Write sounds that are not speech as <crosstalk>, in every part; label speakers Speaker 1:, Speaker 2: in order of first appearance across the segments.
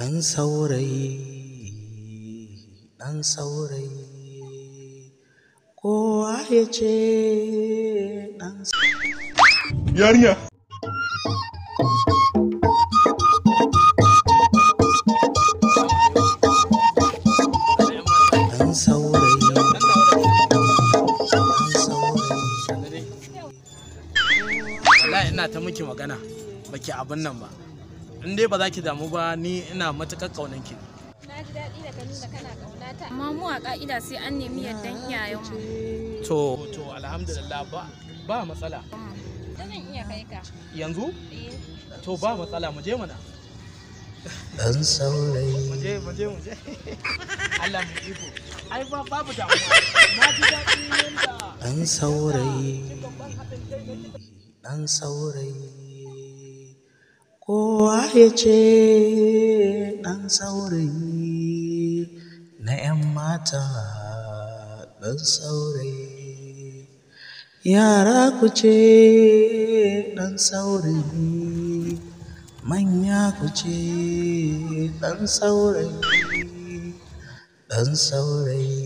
Speaker 1: ɗan saurayi, ɗan saurayi. Kowa ya ce ɗan saurayi.
Speaker 2: ina ta miki magana, baki abin nan ba. in dai ba za ki damu ba ni ina matuƙar ƙaunar ki na ji daɗi da ganin da kana ƙaunata amma mu a ƙa'ida sai an nemi
Speaker 1: yardan
Speaker 2: to to alhamdulillah ba ba matsala zan yanzu eh. to ba mu je mu je mu
Speaker 1: <laughs> na ji saurayi dan saurayi kowa ya ce ɗan saurayi na ‘yan mata ɗan saurayi yara ku ce ɗan saurayi manya ku ce ɗan saurayi ɗan saurayi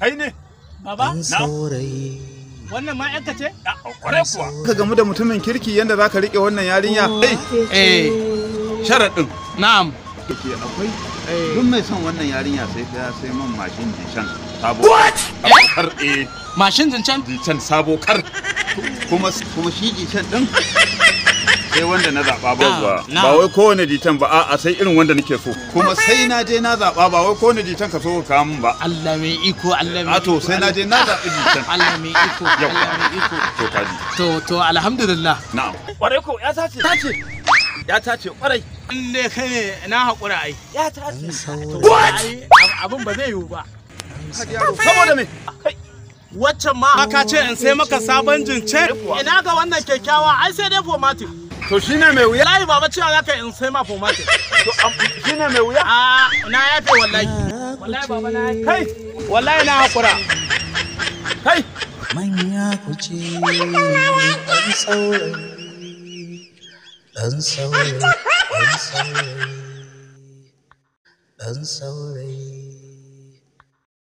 Speaker 1: kai ne baba na saurayi
Speaker 2: wannan ma yanka ce kwarai ah, oh, kuwa ka gamu da mutumin kirki yanda zaka rike wannan yarinya oh, eh sharadin na'am ke akwai duk mai son wannan yarinya sai ta sai man mashin jincan sabo eh? kar eh mashin jincan jincan sabo kar kuma kuma shi jincan din sai wanda na zaɓa ba ba wai kowane ditan ba a'a sai irin wanda nake so kuma sai na je na zaɓa ba wai kowane ditan ka so ka kamun ba Allah mai iko Allah mai iko to sai na je na zaɓi ditan Allah mai iko Allah mai iko to kaji to to alhamdulillah na'am kwarai ko ya tace tace ya tace kwarai lalle kai ne na haƙura ai ya tace abin ba zai yiwu ba saboda me wacce ma aka ce in sai maka sabon ce. ina ga wannan kyakkyawa ai sai dai formative to shine mai wuya layi baba cewa zaka in sai ma foma to shine mai wuya ah, na yafe
Speaker 1: wallahi wallahi baba na kai wallahi na hakura kai manya ku ce dan saurayi dan saurayi